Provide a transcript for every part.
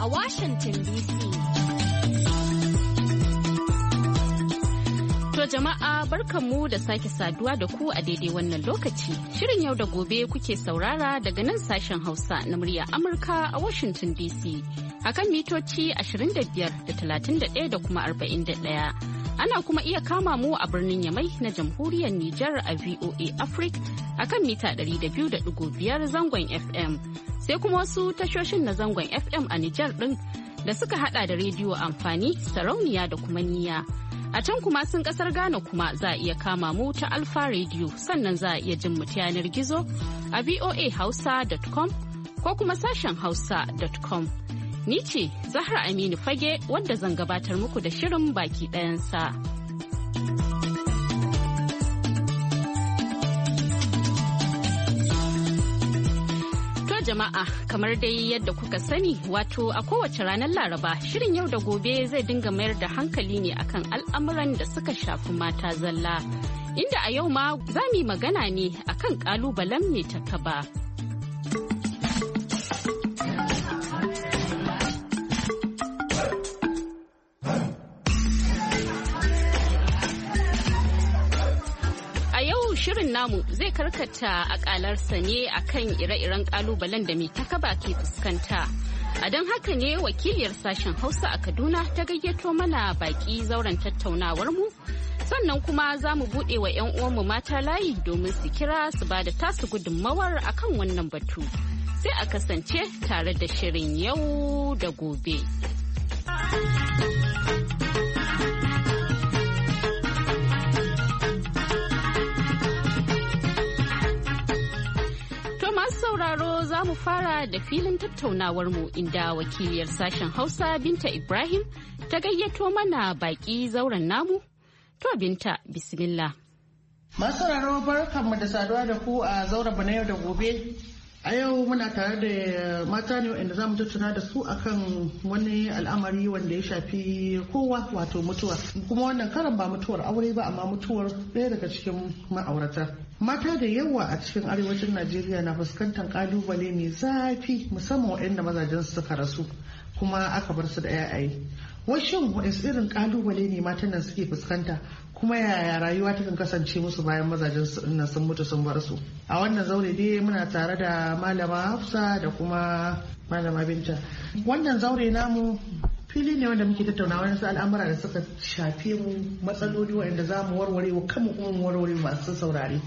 a Washington DC. To jama'a barkanmu da sake saduwa da ku a daidai wannan lokaci. Shirin yau da gobe kuke saurara daga nan sashen Hausa na murya Amurka a Washington DC. Akan mitoci 25 da 31 da kuma 41. Ana kuma iya kama mu a birnin Yamai na jamhuriyar Nijar a VOA Africa a kan mita 200.5 zangon FM. Sai kuma wasu tashoshin na zangon FM a Nijar ɗin da suka hada da rediyo amfani, sarauniya da kuma niya. A can kuma sun kasar Ghana kuma za a iya kama mu ta Alfa rediyo sannan za a iya jin mu yanar gizo a voahausa.com ko kuma sashen hausa.com. Ni ce Zahra Aminu Fage wanda zan gabatar muku da shirin baki ɗayansa. jama'a kamar dai yadda kuka sani wato a kowace ranar laraba shirin yau da gobe zai dinga mayar da hankali ne akan al'amuran da suka shafi mata zalla inda a yau ma za mu magana ne akan kalubalen mai takaba. namu zai karkata akalarsa ne kan ire-iren kalubalen da mai takaba ke fuskanta. A don haka ne wakiliyar sashen Hausa a Kaduna ta gayyato mana baki zauren tattaunawar mu. Sannan kuma za mu buɗe wa 'yan uwanmu mata layi domin su kira su ba da tasu gudunmawar kan wannan batu. Sai a kasance tare da shirin yau da gobe. sauraro za mu fara da filin tattaunawar mu inda wakiliyar sashen Hausa Binta Ibrahim ta gayyato mana baƙi zauren namu. To Binta, bismillah. Masu sauraro barkanmu da saduwa da ku a zauren na yau da gobe. a yau muna tare da mata ne waɗanda za mu tattauna da su akan wani al'amari wanda ya shafi kowa wato mutuwa kuma wannan karan ba mutuwar aure ba amma mutuwar ɗaya daga cikin ma'aurata mata da yawa a cikin arewacin najeriya na fuskantar ƙalubale mai zafi musamman waɗanda mazajen suka rasu kuma aka bar su da yayaye washin wasu irin kalubale ne matan nan suke fuskanta kuma yaya rayuwa takan kasance musu bayan mazajen nan sun mutu sun bar su a wannan zaure dai muna tare da malama hafsa da kuma malama binta wannan zaure namu fili ne wanda muke tattauna wani al'amura da suka shafe mu matsaloli wanda za mu warware wa kanmu kuma mu warware masu saurare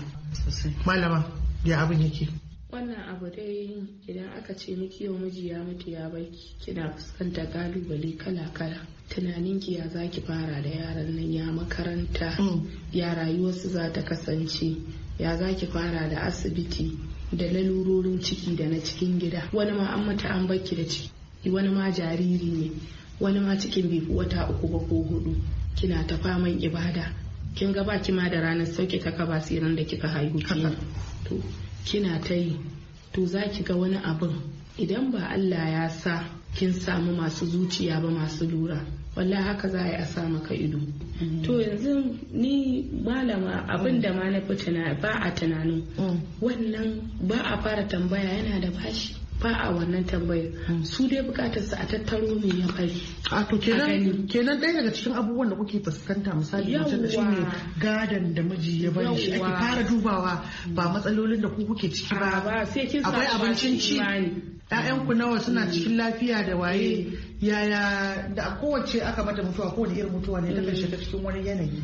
malama ya abin yake wannan abu dai idan aka ce miki yau miji ya mutu ya baki kina fuskanta kalubale kala-kala tunaninki ya zaki ki fara da yaran nan ya makaranta mm. ya rayuwarsu za ta kasance ya zaki fara da asibiti da lalurorin ciki da na cikin gida wani ma an mata an baki da ciki wani ma jariri ne wani ma cikin bai wata uku ba ko hudu kina ta faman ibada kin ga baki ma da ranar sauke ta kaba siran da kika haihu to kina ta yi to za ki ga wani abin idan ba Allah ya sa kin samu masu zuciya ba masu lura wallahi haka za a sa maka ido mm. to yanzu ni malama abin da ma na fi ba a tunanin mm. wannan ba a fara tambaya yana da bashi ba a wannan tambayar hmm. su dai bukatar su a tattaro ne ya bari a to kenan ɗaya daga cikin abubuwan da kuke fuskanta misali mutum shi ne gadan da miji ya bari shi ake fara dubawa ba hmm. matsalolin da ku kuke ciki ba akwai abincin ci ku nawa suna cikin lafiya da waye yaya da kowace aka mata mutuwa ko da irin mutuwa ne ta shiga cikin wani yanayi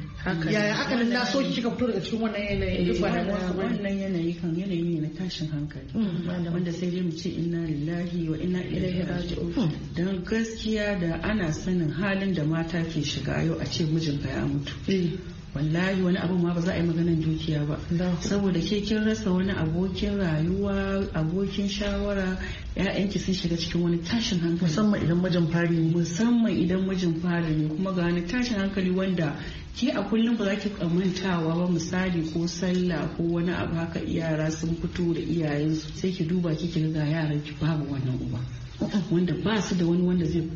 yaya aka nan na so kika fito daga cikin wannan yanayi eh, wannan yanayi kan yanayi ne na tashin hankali mm, wanda sai dai mu ce inna lillahi wa inna ilaihi raji'un mm. dan gaskiya da ana sanin halin da mata ke shiga yau a ce mijinka ya mutu mm. wallahi wani abu ma ba za a yi maganan dukiya ba saboda ke kin rasa wani abokin rayuwa abokin shawara ya'yanki sun shiga cikin wani tashin hankali musamman idan mijin fari ne musamman idan mijin fari ne kuma ga wani tashin hankali wanda ke a kullum ba za ki mantawa ba misali ko sallah ko wani abu haka yara sun fito da iyayensu sai ki duba kike ga yaran ki babu wannan uba wanda ba su da wani wanda zai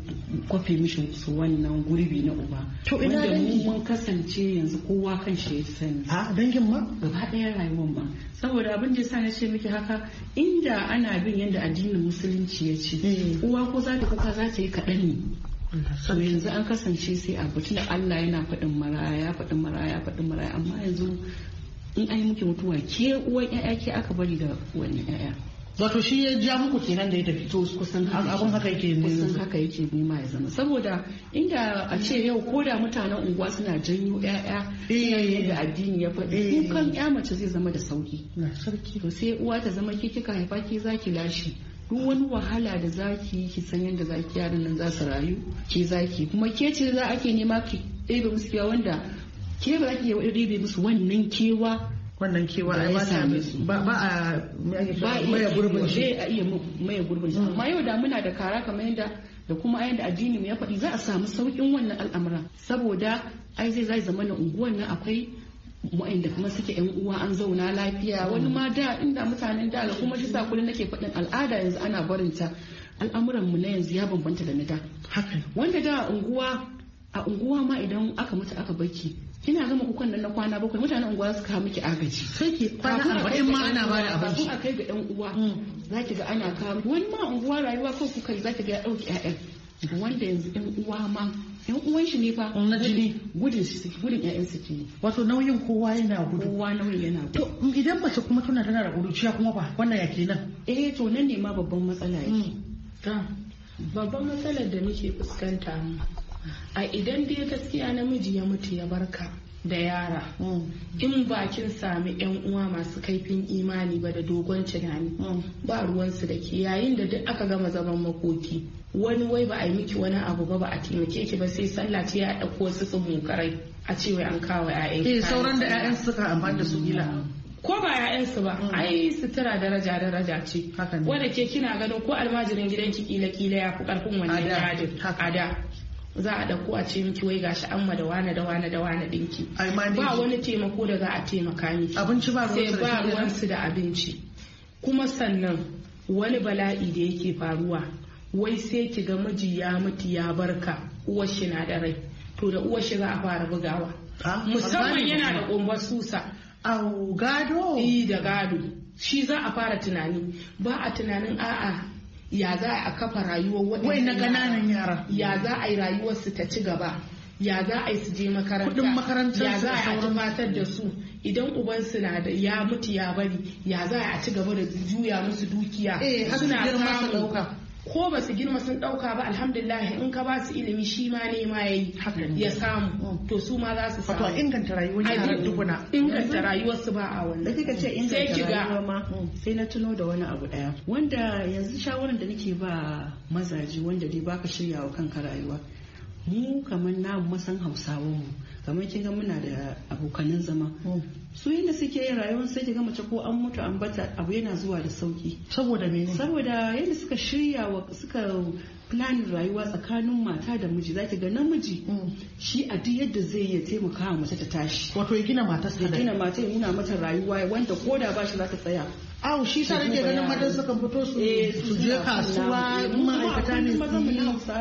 kwafe mishi su wannan gurbi na uba to ina wanda mun kasance yanzu kowa kan shi ya sani a dangin ma gaba daya rayuwar ma saboda abin da yasa na ce miki haka inda ana bin yadda addinin musulunci ya ce eh. uwa ko za ta kuka za ta yi kaɗan ne so yanzu an kasance sai a da Allah yana faɗin maraya faɗin maraya faɗin maraya amma yanzu in an yi muke mutuwa ke uwan 'ya'ya ke aka bari da wani 'ya'ya wato shi ya ja muku kenan da ya tafi to kusan abun haka yake ne kusan haka yake ma ya zama saboda inda a ce yau ko da mutanen unguwa suna janyo yaya. iyaye da addini ya faɗi eh. kukan ya mace zai zama da sauki to sai uwa ta zama ke kika haifa ke zaki lashi duk wani wahala da zaki ki san yadda zaki yaran nan za su rayu ke zaki kuma ke ce za ake nema ki ɗebe musu wanda ke ba za ki ɗebe musu wannan kewa wannan kewa a ba a maya gurbin shi a iya maya gurbin shi amma yau da muna da kara kamar yadda da kuma ayan da addini mu ya faɗi za a samu sauƙin wannan al'amura saboda ai zai zai zama na unguwan nan akwai da kuma suke yan uwa an zauna lafiya wani ma da inda mutanen da kuma shi sa kullum nake faɗin al'ada yanzu ana barinta al'amuran mu na yanzu ya bambanta da na da wanda da unguwa a unguwa ma idan aka mutu aka baki kina gama kukan nan na kwana bakwai mutanen unguwa su kawo miki agaji sai ki kwana arba'in ma ana bada abinci a kai ga yan uwa mm. za ki ga ana kawo wani ma unguwa rayuwa ko kuka za ki ga ya ɗauki ƴaƴan wanda yanzu yan uwa ma yan uwan shi ne fa na jini gudun shi gudun ƴaƴan su ke wato nauyin kowa yana gudu kowa nauyin yana gudu to idan mace kuma tana tana da kuruciya kuma ba wannan ya kenan eh to nan ne ma babban matsala yake mm. babban matsalar da muke fuskanta a idan dai gaskiya namiji ya mutu ya barka da yara mm. in bakin sami yan uwa masu kaifin imani ba da dogon tunani mm. ba ruwansu da ke yayin da duk aka gama zaman makoki wani wai ba a yi miki wani abu ba ba a taimake ki ba sai sallah ce ya ɗauko wasu mukarai. a ce wai an kawo 'ya'yan eh, ki sauran da 'ya'yan suka amfani da su gila ko ba su ba mm. ai sutura daraja daraja ce wanda ke kina gano ko almajirin gidan ki kila kila ya fi karfin wannan yadin a da za a dauko a ce miki wai gashi amma da wane da wane da wane dinki ba wani taimako da za a taimaka miki abinci ba sai ba ruwan su da abinci kuma sannan wani bala'i da yake faruwa wai sai ki ga miji ya mutu ya barka uwar shi na da rai to da uwar shi za a fara bugawa musamman yana da kumbar susa gado da gado shi za a fara tunani ba a tunanin a'a ya za a kafa rayuwar waɗannan ƙananan yara ya za a yi rayuwar su ta ci gaba ya za a yi su je makaranta ya za a yi matar da su idan uban su na da ya mutu ya bari ya za a ci gaba da juya musu dukiya eh, suna samun ko ba su girma sun dauka ba alhamdulillah in ka ba su ilimi shi ma ne ma yayi ya samu oh. to su ma za su samu wato inganta rayuwar yara dukuna inganta rayuwar su ba a wannan sai kika ce inganta rayuwa ma mm. sai na tuno da wani abu daya wanda yanzu shawaran da nake ba mazaje wanda dai baka shirya wa kanka rayuwa mu kamar namu masan hausawan mu kamar kin ga muna da abokanan zama mm. su yadda suke yin rayuwar sai ki ga mace ko an mutu an bata abu yana zuwa da sauki saboda mene saboda yadda suka shirya wa suka planin rayuwa tsakanin mata da miji zaki ga namiji mm. shi a duk yadda zai iya taimaka wa mace ta tashi wato ya gina mata ya gina mata ya nuna mata rayuwa wanda koda ba shi za ta tsaya aw shi sa nake ganin madan suka fito su eh, je kasuwa ma'aikata ne su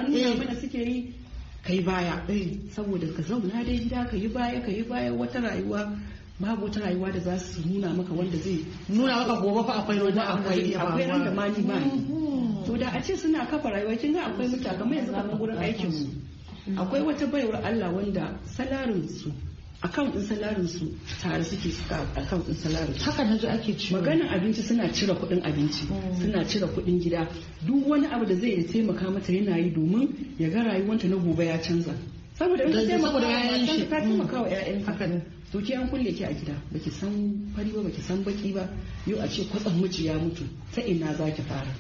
yi eh. yi kai baya eh, saboda ka zauna dai gida ka yi baya ka yi baya wata rayuwa babu wata rayuwa da za su nuna maka wanda zai nuna maka gobe fa akwai wanda akwai akwai ran da mani ba mm-hmm. to da a ce suna kafa rayuwa kin ga akwai mutaka kamar yanzu kamar gurin aikin mu mm-hmm. akwai wata baiwar Allah wanda salarin su akan in salarin su tare suke suka akan in salarin haka naji ake ciwo maganin abinci suna cire kuɗin abinci mm. suna cire kuɗin gida duk wani abu da zai taimaka mata yana yi domin ya ga rayuwanta na gobe ya canza saboda in ka da wa shi ka taimaka wa mm. haka ne to ke an kulle ki a gida baki san fari ba baki san baki ba yau a ce kwatsam miji ya mutu ta ina zaki fara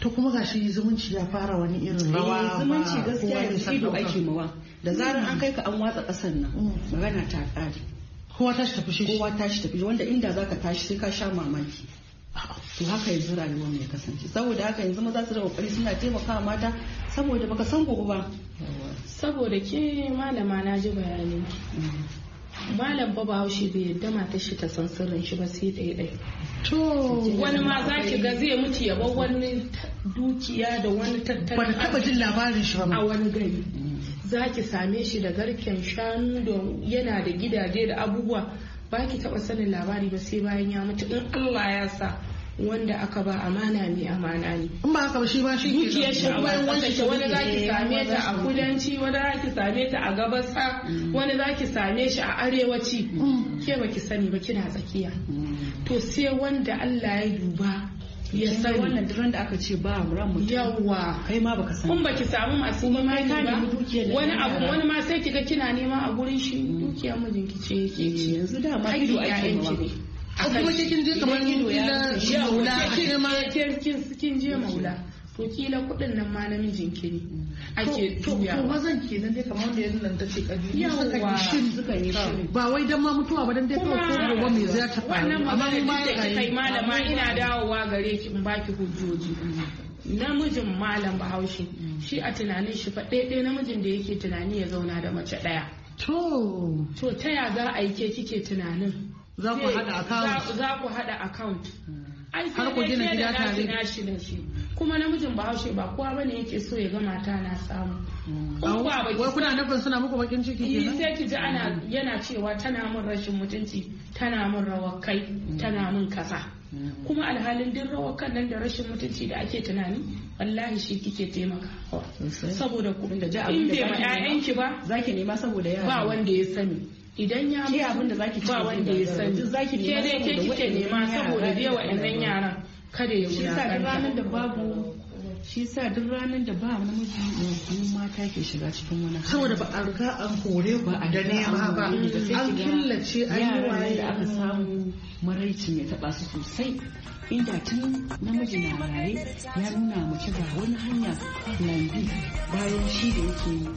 to kuma gashi zumunci ya fara wani irin rawa eh, zumunci gaskiya yanzu ido ake mawa da zarar an kai ka an watsa ƙasar nan mm. magana ta ƙare kowa tashi tafi shi kowa tashi tafi wanda inda zaka tashi sai ka sha mamaki to haka yanzu rayuwar mai kasance saboda haka yanzu maza su da kokari suna taimakawa mata saboda baka san gobe ba saboda ke malama na ji bayanin mm. malam ba bahaushe bai yadda matar shi ta san sirrin shi ba sai ɗaya ɗaya to wani ma za ki ga zai mutu ya wani dukiya da wani tattalin ba ta taba jin labarin shi ba a wani gari za ki same shi da garken shanu don yana da gidaje da abubuwa ba ki taɓa sanin labari ba sai bayan ya mutu in Allah ya sa wanda aka ba amana ne amana ne in ba haka shi ba shi dukiyar shi bayan wanda ke wani za ki same ta a kudanci wani za ki same ta a gabasa mm. wani za ki same shi a arewaci mm. ke ba ki sani ba kina tsakiya mm. to sai wanda Allah ya duba ya sani wannan duran da aka ce ba ran mutum yawa kai ma baka sani kun baki samu masu imani ba wani abu wani ma sai kiga kina nema a gurin shi dukiya mijinki ce yake ci yanzu da ma ido ake ne a kuma kin je kamar ido ya maula kin je maula to kila kuɗin nan ma namijin ke ne ake tuya to mazan nan dai kamar da yanzu nan ta ce kabilu suka yi shin suka yi shin ba wai dan ma mutuwa ba dan dai kawai ko gobe me zai ta faru amma mu ma da kai malama ina dawowa gare ki in baki hujjoji namijin malam bahaushe shi a tunanin shi fa ɗaya namijin da yake tunani ya zauna da mace ɗaya to to ta ya za a yi ke kike tunanin za ku haɗa account za ku haɗa account ai sai ku gina gida tare kuma namijin bahaushe ba kowa bane yake so ya ga mata na samu hmm. wai kuna nufin suna muku bakin ciki eh, nan sai ki ji ana yana cewa tana min rashin mutunci tana min rawar kai hmm. tana min kasa hmm. kuma alhalin din rawar kan nan da rashin mutunci da ake tunani wallahi shi kike taimaka oh, saboda kuɗin da ja in bai ma ki ba zaki nema saboda yara ba wanda ya sani idan ya ke abin da zaki ci ba wanda ya sani ke dai ke kike nema saboda yawa wa'annan yaran kada ya wulakanta ranar da babu shi sa duk ranar da ba namiji yanzu mata ke shiga cikin wani saboda ba a riga an kore ba a da nema ba an killace an yi waye da aka samu maraicin ya taba su sosai inda tun namiji na raye ya nuna mace ga wani hanya lambi bayan shi da yake yi.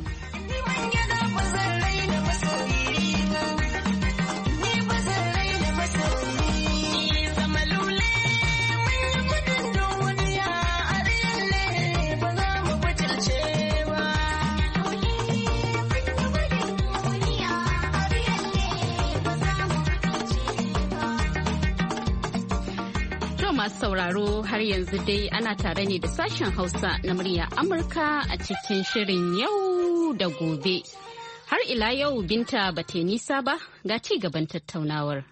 sauraro har yanzu dai ana tare ne da sashen Hausa na murya Amurka a cikin shirin yau da gobe. Har ila yau binta ba ta nisa ba ga ci gaban tattaunawar.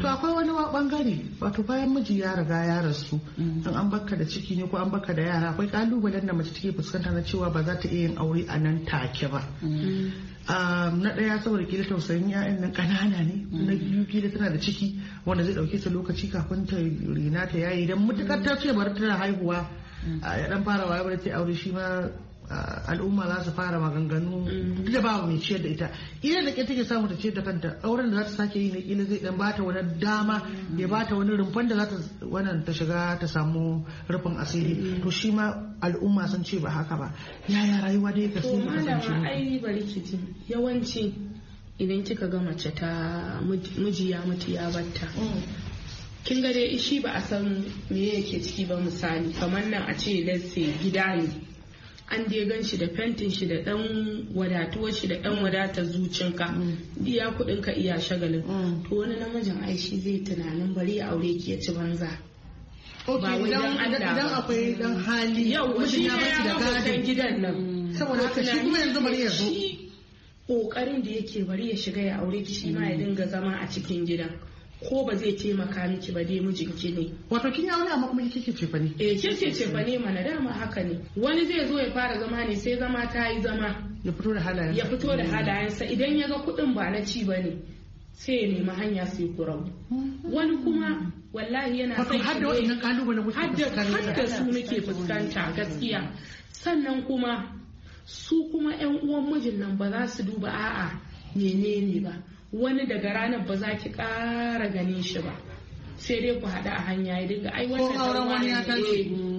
To akwai wani bangare wato bayan miji ya riga ya rasu in an baka da ciki ne ko an baka da yara akwai kalubalen da mace take fuskanta na cewa ba za ta iya yin aure a nan take ba. na ɗaya saboda da tausayin ya'yan nan ƙanana ne mm. na biyu da tana da ciki wanda zai ɗauke ta lokaci kafin ta rina ta yayi dan mutukar ta ce bari tana haihuwa mm. a ya dan fara waye bari ta aure shi ma Ah, al'umma za su fara maganganu mm. duk da babu mai ciyar da ita ina da take samu ta ciyar da kanta auren da za ta sake yi na ina zai dan bata wani dama mm. ya bata wani rumfan da za ta wannan ta shiga ta samu rufin asiri mm. to shi ma al'umma sun ce ba haka ba yaya rayuwa dai ka sun kasance ai bari kiji yawanci idan kika ga mace ta miji ya mutu ya batta kin ga dai shi ba a san me yake ciki ba misali kamar nan a ce lasse gida ne an dai gan shi da fentin shi da dan wadatuwar shi da dan wadata zuciyarka mm. iya kudin ka iya shagalin mm. to wani namijin ai shi zai tunanin bari ya aure ki ya ci banza ba idan akwai dan hali yau shi ne ya ga gidan nan mm. saboda haka shi kuma yanzu bari ya zo kokarin da yake bari ya shiga ya aure ki shi ma ya dinga zama a cikin gidan ko ba zai taimaka miki ba dai mijinki ne. Wato kin aure amma kuma kike eh, ce fa ne. Eh kike ce fa ne mana dama haka ne. Wani zai zo ya fara zama ne sai zama ta yi zama. Ya fito da halayensa. Ya fito da halayensa idan ya ga kuɗin ba na ci ba ne. Sai ya nemi hanya sai kurau. Mm-hmm. Wani kuma wallahi yana sai har da wannan kalubalen muke fuskanta. Har da su muke fuskanta gaskiya. Sannan kuma su kuma ƴan uwan mijin nan ba za su duba a'a menene ba. wani daga ranar ba za ki ƙara ganin shi ba sai dai ku haɗu a hanya ya dinga ai wani eh,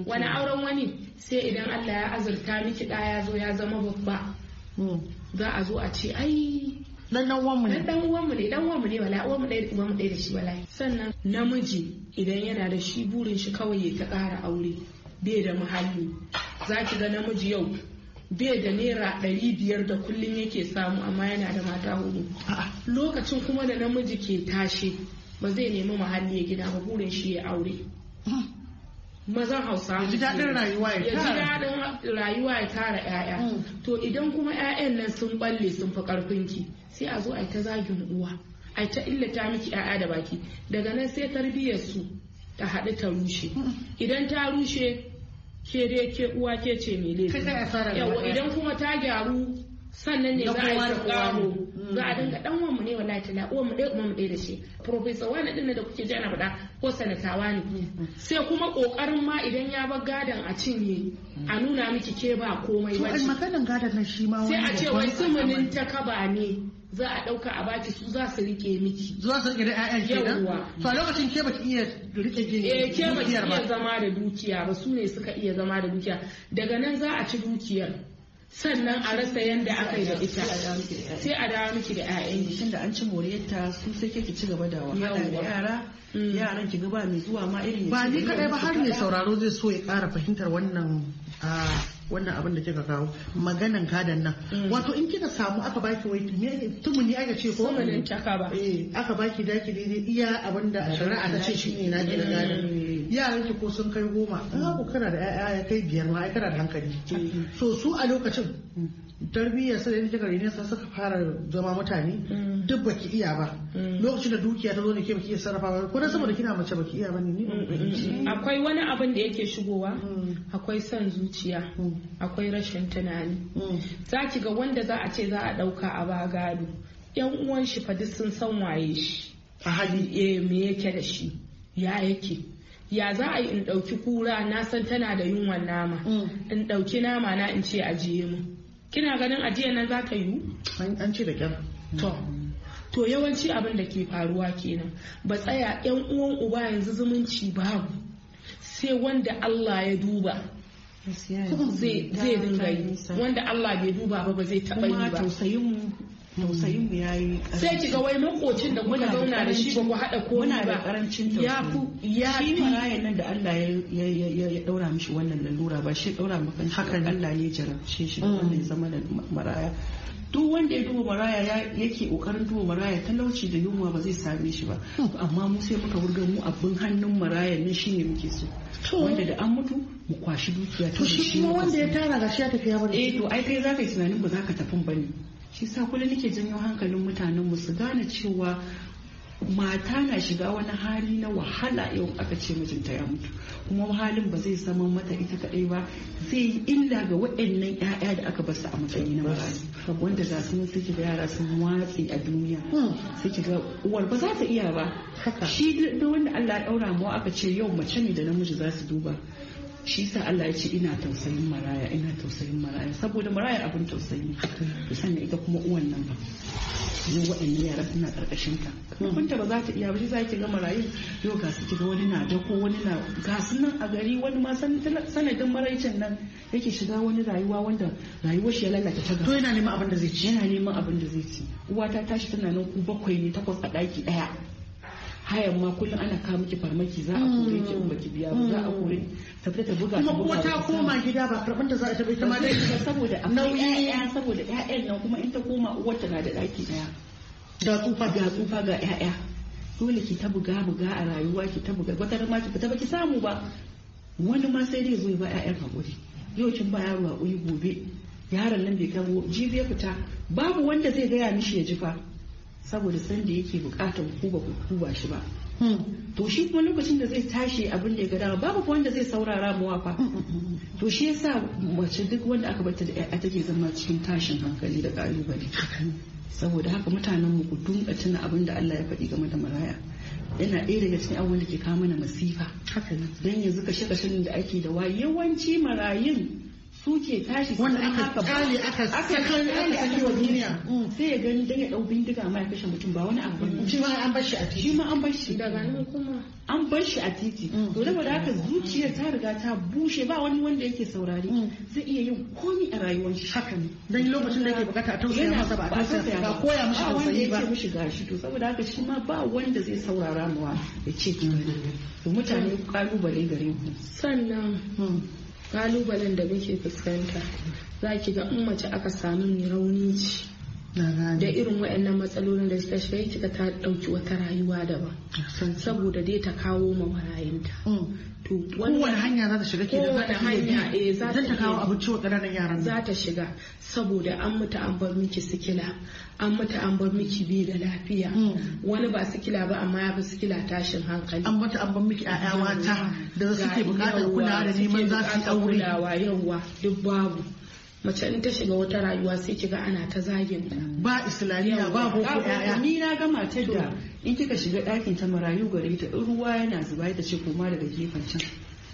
wani auren wani sai idan Allah ya azurta miki ɗaya ya zo ya zama babba hmm. za a zo a ce ai dan dan uwanmu ne dan uwanmu ne dan uwanmu ne wala uwanmu ɗaya mu ɗaya da shi wala sannan namiji idan yana da shi burin shi kawai ya ta ƙara aure bai da muhalli za ki ga namiji yau bai da naira ɗari biyar da kullum yake samu amma yana da mata hudu lokacin kuma da namiji ke tashi ba zai nemi mahalli ya gina ba burin shi ya aure ah. mazan hausa ya ji daɗin rayuwa ya ji rayuwa ya tara 'ya'ya mm. to idan kuma 'ya'yan nan sun balle sun fi ƙarfinki sai a zo a ta zagin uwa a ta illata miki 'ya'ya da baki daga nan sai tarbiyyar su ta haɗu ta rushe mm. idan ta rushe ke dai ke uwa ke ce mai laifi idan kuma ta gyaru sannan ne za a yi sakaro za a dinga dan wanmu ne wallahi tala uwan mu dai mu dai da shi professor wani din da kuke ji ana faɗa ko sanatawa ne sai kuma kokarin ma idan ya bar gadan a cinye a nuna miki ke ba komai ba to sai a ce wai sumunin ta kaba ne za a ɗauka a baki su za su rike miki. Za su rike da ƴaƴan kenan? Yawwa. To a lokacin ke baki iya rike dukiyar ba? Eh ke baki iya zama da dukiya ba su ne suka iya zama da dukiya. Daga nan za a ci dukiyar. sannan a rasa yadda aka yi da ita sai a dawo miki da 'ya'yan ki da an ci moriyarta su sai ke ci gaba da wahala da yara mm. yaran ki gaba mai zuwa ma irin ba ni kadai ba har ne sauraro zai so ya kara fahimtar wannan ah, wannan abin da kika kawo maganan kadan nan mm. wato in kika samu aka baki wai tumuni aka ce ko ba. Eh, aka baki daki daidai iya abin da shari'a ta ce shi ne na gina gadan mm. yaran ki ko sun kai goma in haku kana da yaya ya kai biyar ma kana da hankali so su a lokacin tarbiyyar su da yadda kika rene suka fara zama mutane duk baki iya ba lokacin da dukiya ta zo ne ke baki iya sarrafa ba ko na saboda kina mace baki iya ba ne akwai wani abin da yake shigowa akwai son zuciya akwai rashin tunani za ki ga wanda za a ce za a dauka a ba gado yan uwan shi fa duk sun san waye shi a hali eh me yake da shi ya yake ya za a yi in ɗauki kura na san tana da yunwan nama mm. in ɗauki nama na in ce ajiye mu kina ganin ajiye nan za ta yiwu an ce da kyar to yawanci abin da ke faruwa kenan ba tsaya yan uwan uba yanzu zumunci babu sai wanda Allah ya duba zai dinga yi wanda Allah bai duba ba ba zai taɓa yi ba tausayin mu yayi sai ki ga wai makocin da kuka zauna da shi ba ku hada ko muna da karancin tausayi ya ya fi nan da Allah ya ya daura mishi wannan lalura ba shi daura maka hakan Allah ya jarabce shi mm. wannan zama da maraya duk wanda ya duba maraya yake kokarin duba maraya talauci da yunwa ba zai same shi ba amma mu sai muka wurga mu abin hannun maraya ne shine muke so wanda da an mutu mu kwashi dukiya to shi kuma wanda ya tara gashi ya tafi ya bari eh to ai kai zaka yi tunanin ba zaka tafin bane shi sa kullum nake janyo hankalin mutanen mu su gane cewa mata na shiga wani hali na wahala yau aka ce mijinta ya mutu kuma halin ba zai zama mata ita kadai ba zai yi illa ga waɗannan 'ya'ya da aka basu a matsayi na marayu wanda za su sai kiga yara sun watsi a duniya sai kiga uwar ba za ta iya ba shi da wanda Allah ya daura mu aka ce yau mace ne da namiji za su duba shi sa Allah ya ce ina tausayin maraya ina tausayin maraya saboda maraya abin tausayi to sanya ita kuma uwan nan ba yau waɗannan yara suna ƙarƙashin ka kun ta ba za ta iya ba shi za ki ga marayu yau ga su kiga wani na dako wani na ga su nan a gari wani ma sanadin maraicin nan yake shiga wani rayuwa wanda rayuwar shi ya lalata ta to yana neman abin da zai ci yana neman abin da zai ci uwata tashi tana nan ku bakwai ne takwas a ɗaki ɗaya hayan ma kullum ana kawo miki farmaki za a mm. kore ki in baki biya ba za a kore mm. ta fita buga kuma ko ta koma gida ba karban ta za a bai ta ma dai saboda nauyi saboda ƴaƴan nan kuma in ta koma uwar ta na da daki daya da tsufa ga tsufa ga ƴaƴa dole ki ta buga buga a rayuwa ki ta buga wata ma ki ba baki samu ba wani ma sai dai zo ba ƴaƴan hakuri yau kin ba yaro uyi gobe yaron nan bai kawo jibiya fita babu wanda zai gaya mishi ya ji fa saboda sanda yake bukatar ku ba shi ba hmm. to shi kuma lokacin da zai tashi abin da ya gada babu wanda zai saurara muwa fa hmm, hmm, to shi yasa mace duk wanda aka bata da ƴaƴa take zama cikin tashin hankali da kalubale saboda haka mutanen mu ku dunka tuna abin da Allah ya faɗi game da maraya yana ɗaya daga cikin abubuwan da ke kawo mana masifa dan yanzu ka shirin da ake da wa yawanci marayun su ce tashi wanda aka kale aka kale a kiwon duniya mm, sai ya gani dan ya dau bindiga ma ya kashe mutum ba wani abu ne shi ma an bar shi a titi shi ma an bar shi daga nan kuma an bar shi a titi mm. to saboda aka zuciya ta riga ta bushe ba wani wanda yake saurari mm. zai iya yin komi a rayuwar shi haka ne dan lokacin da yake bukata a tausaya masa ba a tausaya ba koya mishi tausayi ba wani yake mishi gashi to saboda haka shi ma ba wanda zai saurara mawa ya ce to mutane kalubale gare ku sannan kalubalen da muke fuskanta za ki ga in mace aka samu rauni ce da irin waɗannan matsalolin da suka shiga kika ta ɗauki wata rayuwa daban saboda dai ta kawo ma marayinta mm. to kowane hanya za ta shiga ke da hanya eh za ta kawo abu ciwo ƙananan yaran za ta shiga saboda an mutu an bar miki sikila an mutu an bar miki bi da lafiya mm. wani ba sikila ba amma ya fi sikila tashin hankali an mutu an bar miki yawa ta da suke bukatar kulawa da neman za su yi aure yawa duk babu mace in ta shiga wata rayuwa sai kiga ana ta zagin ta ba islamiyya ba ko ɗaya ni na ga matar da in kika shiga ɗakin ta marayu gare ta in ruwa yana zuba ita ce koma daga gefen can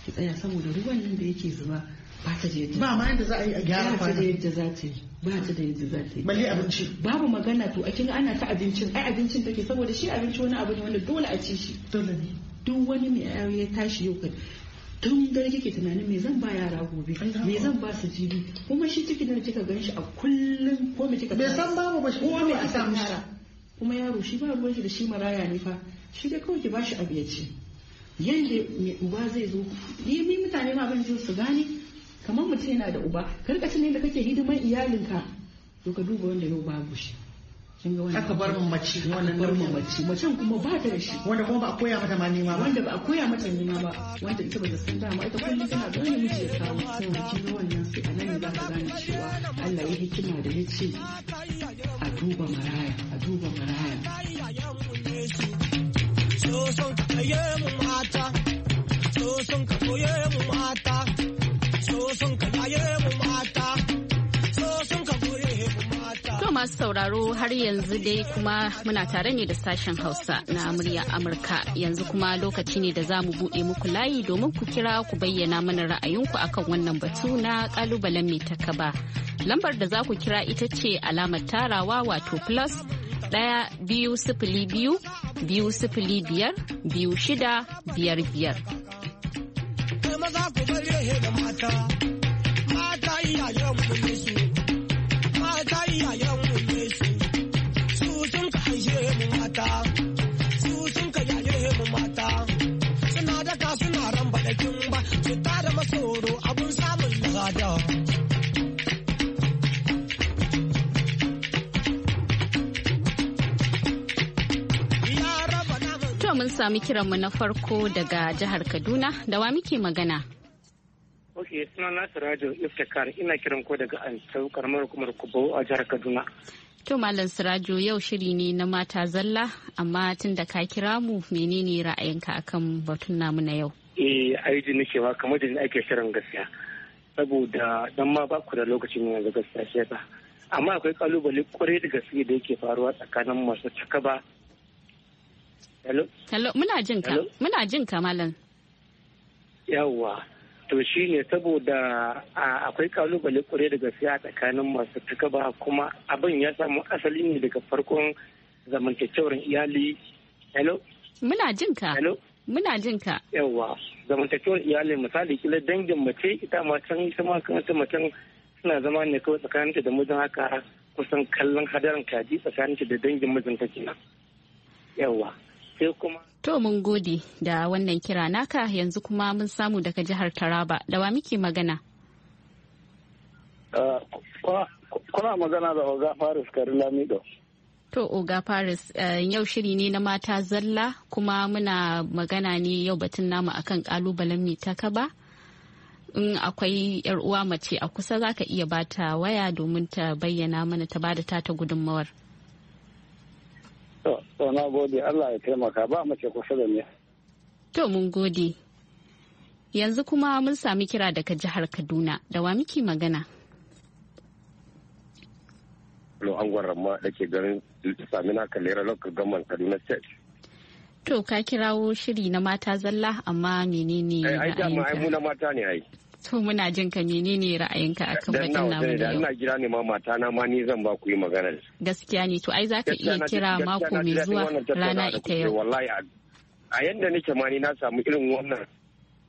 ki tsaya saboda ruwan nan da yake zuba ba ta da yadda ba ma yadda za a yi a gyara ba ta da yadda za ta yi ba ta da yadda za ta yi balle abinci babu magana to a kin ana ta abincin ai abincin take saboda shi abinci wani abu ne wanda dole a ci shi dole ne duk wani mai ya tashi yau tun dare kike tunanin me zan ba yara gobe me zan ba su jibi kuma shi cikin da kika ganshi a kullum ko me kika bai san babu ba shi ko me aka mara kuma yaro shi ba ruwan shi da shi maraya ne fa shi da kawai ki bashi abu ya yanda mai uba zai zo ni mutane ma ban su gani kamar mutum yana da uba karkacin ne da kake hidimar iyalinka to ka duba wanda yau babu shi aka bar mu mace wannan bar mu mace macen kuma ba ta da shi wanda kuma ba a koya mata ma nema ba wanda ba a koya mata nema ba wanda ita ba ta san dama ita kullum tana gane miji ya kawo sai da kin wannan sai anan ne za ka gane cewa Allah ya hikima da ya ce a duba maraya a duba maraya so son ka mata so son ka masu sauraro har yanzu dai kuma muna tare ne da sashen Hausa na murya Amurka yanzu kuma lokaci ne da za mu buɗe muku layi domin ku kira ku bayyana mana ra'ayinku akan wannan batu na kalubalen mai takaba. Lambar da za ku kira ita ce alamar tarawa wato plus ɗaya biyu sifili biyu biyu sifili biyar biyu shida biyar biyar. Yeah, yeah. To mun sami mu na farko daga jihar Kaduna da wa muke magana. Ok, suna na Sirajo Iftikar ina kiran ko daga Antau karamar kuma Kubo a jihar Kaduna. To Malam Sirajo yau shiri ne na mata zalla amma tunda ka kira mu menene ra'ayinka akan batun namu na yau? Eh, ai nake wa kamar da ake shirin gaskiya. saboda dan ma ba ku da lokacin yanzu gaskiya shi yasa amma akwai kalubale kwarai da gaske da yake faruwa tsakanin masu ba hello hello muna jin ka muna jin ka malam yawwa to shine saboda akwai kalubale kwarai da gaske a tsakanin masu ba kuma abin ya samu asali ne daga farkon zamantakewar iyali hello muna jin ka hello Muna jin ka. Yawwa, zamantakewar iyalin misali kila dangin mace ita ma can ita ma kan macen suna zama ne kawai tsakaninta da mijin haka kusan kallon hadarin kaji tsakaninta da dangin mijin ta kenan. Yawwa, sai kuma. To mun gode da wannan kira naka yanzu kuma mun samu daga jihar Taraba da wa muke magana. Uh, kuna magana da Oga Faris Karilamido. To Oga Paris eh, yau shiri ne na mata zalla kuma muna magana ne yau batun namu akan kalubalen mai ba In akwai yar uwa mace a kusa za ka iya bata waya domin ta bayyana mana ta bada ta gudunmawar. To, na gode Allah ya taimaka ba mace kusa da ni. To mun gode. Yanzu kuma mun sami kira daga jihar Kaduna da wa muke magana? lo angon ramma da ke garin samina kalera local government kaduna state to ka kirawo shiri na mata zalla amma menene eh, ai mata ne ai to muna jin ka menene ra'ayinka akan batun namu da ina jira ne ma mata na ma ni zan ba ku yi magana gaskiya ne to ai za ka iya kira mako mai zuwa rana ita yau wallahi a yanda nake ma ni na samu irin wannan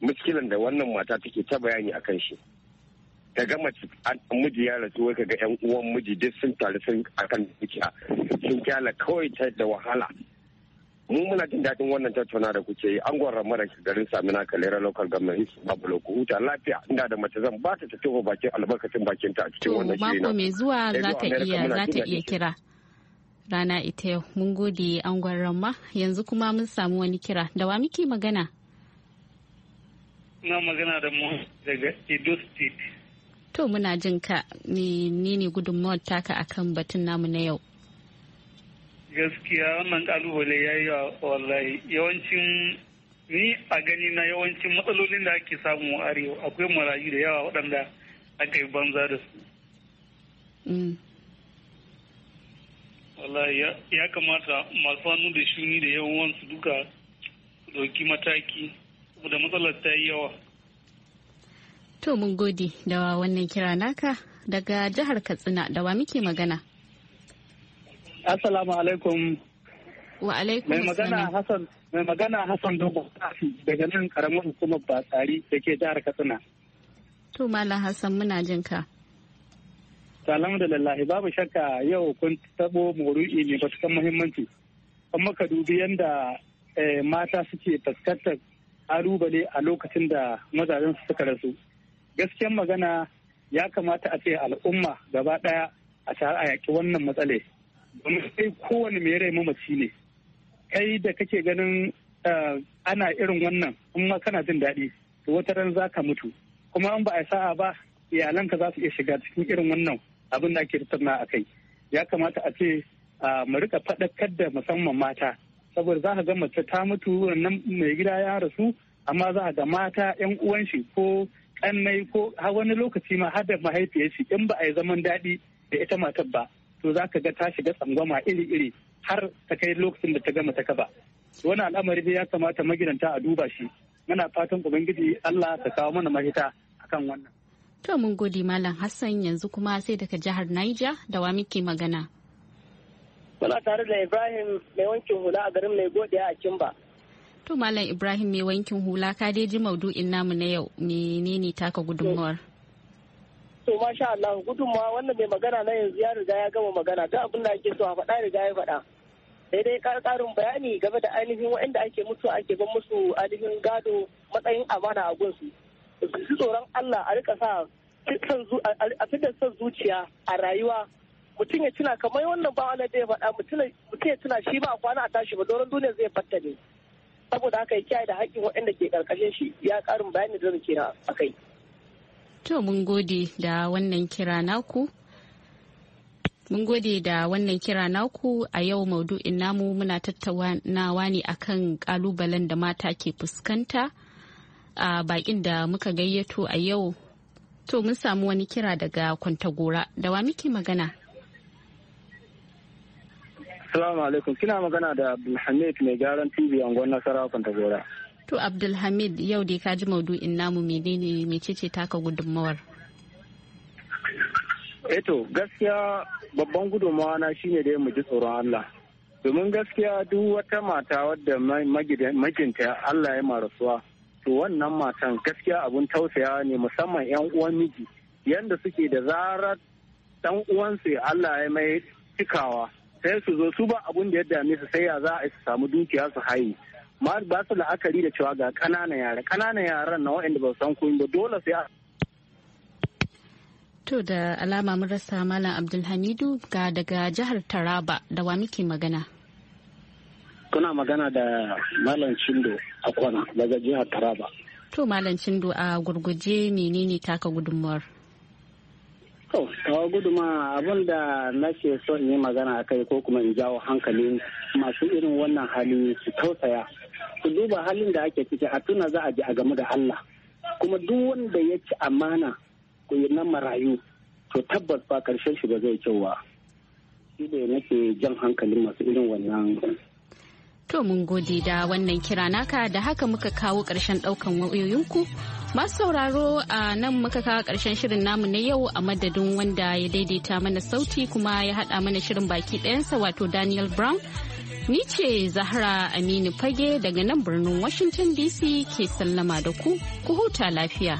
muskilan da wannan mata take ta bayani akan shi ka ga mace miji ya rasu wai kaga yan uwan miji duk sun taru sun akan dukiya sun kyala kawai ta da wahala mu muna jin dadin wannan tattauna da kuke yi an gwara mara garin samina kalera local government babu loko huta lafiya inda da mace zan ba ta ta bakin albarkacin bakin ta a cikin wannan shirin mako mai zuwa za ta iya za ta iya kira rana ita yau mun gode an gwara ma yanzu kuma mun samu wani kira da wa muke magana na magana da mu daga Edo State To muna jin ka menene gudunmawar taka akan batun namu na yau. Gaskiya wannan kalubale ya yi wallahi yawancin ni a gani na yawancin matsalolin da ake samu a arewa akwai marayu da yawa waɗanda aka yi banza da su. Mm. Wallahi ya kamata masu hannu da shuni da yawan su duka dauki mataki saboda matsalar ta yi yawa. To mun gode da wannan kira naka daga jihar Katsina da wa muke magana. Assalamu alaikum. Wa alaikum Mai magana Hassan mai magana Hassan Dogo daga nan karamar hukumar Batsari da ke jihar Katsina. To Malam Hassan muna jin ka. lallahi babu shakka yau kun tabo maudu'i ne cikin muhimmanci. Kuma ka dubi yadda eh, mata suke fuskantar kalubale a lokacin da mazajen suka rasu. gaskiyan magana ya kamata a ce al'umma gaba ɗaya a tare a yaƙi wannan matsale domin sai kowane mai rai mamaci ne kai da kake ganin eh, ana irin wannan in ma kana jin daɗi to wata ran za ka mutu kuma in ba a sa'a ba iyalanka za su iya shiga cikin irin wannan abin da ake tattauna a kai ya kamata a ce mu rika faɗakar da musamman mata saboda za ka ga mace ta mutu nan mai gida ya rasu amma za ka ga mata yan uwanshi ko kannai ko wani lokaci ma har da mahaifiyar in ba a yi zaman daɗi da ita matar ba to za ka ga ta shiga tsangwama iri-iri har ta kai lokacin da ta gama ta kaba wani al'amari dai ya kamata magidanta a duba shi muna fatan ubangiji Allah ta kawo mana mahita akan wannan to mun gode malam Hassan yanzu kuma sai daga jihar Niger da wa muke magana muna tare da Ibrahim mai wankin hula a garin mai godiya a Kimba To Malam Ibrahim mai wankin hula ka dai ji maudu'in namu na yau menene taka gudunmawar? To masha Allah gudunmawa wannan mai magana na yanzu ya riga ya gama magana ta abin da ake so a faɗa riga ya faɗa. Sai dai ƙarin bayani game da ainihin waɗanda ake mutu ake ban musu ainihin gado matsayin amana a gunsu. Su tsoron Allah a rika sa a fitar son zuciya a rayuwa mutum ya tuna kamar wannan ba wani da ya faɗa mutum ya tuna shi ba a kwana a tashi ba doron duniya zai fatta ne. saboda haka ya kiyaye da haƙƙin waɗanda ke ƙarƙashin shi ya ƙarin bayani da zai a kai. To mun gode da wannan kira naku. Mun gode da wannan kira naku a yau maudu'in namu muna tattaunawa ne akan kalubalen da mata ke fuskanta a bakin da muka gayyato a yau. To mun samu wani kira daga Kwantagora da wa muke magana? Assalamu alaikum kina magana da Abdulhamid mai gyaran TV angon nasara kwanta gora. To Abdulhamid yau dai ka ji maudu'in namu menene ce taka gudunmawar? Eto eh gaskiya babban gudunmawa na shine dai mu ji tsoron Allah. Domin gaskiya duk wata mata wadda maginta Allah ya marasuwa to wannan matan gaskiya abun tausaya ne musamman 'yan uwan miji yanda suke da zarar dan uwansu Allah ya mai cikawa sai su zo su ba abun da ya dame su sai ya za a su samu dukiya su haye ma ba su la'akari da cewa ga ƙananan yara ƙananan yaran na wa'anda ba san koyi ba dole sai a To da alama mun rasa Malam Abdulhamidu ga daga jihar Taraba da wa muke magana. Kuna magana da Malam Cindo a kwana daga jihar Taraba. To Malam Cindo a gurguje menene taka gudunmuwar? To, guduma abin da nake so in yi magana a kai ko kuma in jawo hankalin masu irin wannan hali su tausaya. Su duba halin da ake ciki a tuna za a ji a game da Allah. Kuma duk wanda ya ci amana ko na marayu to tabbas ba karshen shi ba zai kyau ba. Shi da nake jan hankalin masu irin wannan To mun gode da wannan kira naka da haka muka kawo ƙarshen ɗaukan wayoyinku. Masu sauraro a nan muka kawo ƙarshen shirin namu na yau a madadin wanda ya daidaita mana sauti kuma ya haɗa mana shirin baki ɗayansa wato Daniel Brown. Ni ce Zahra Aminu Fage daga nan birnin Washington DC ke sallama da ku, ku huta lafiya.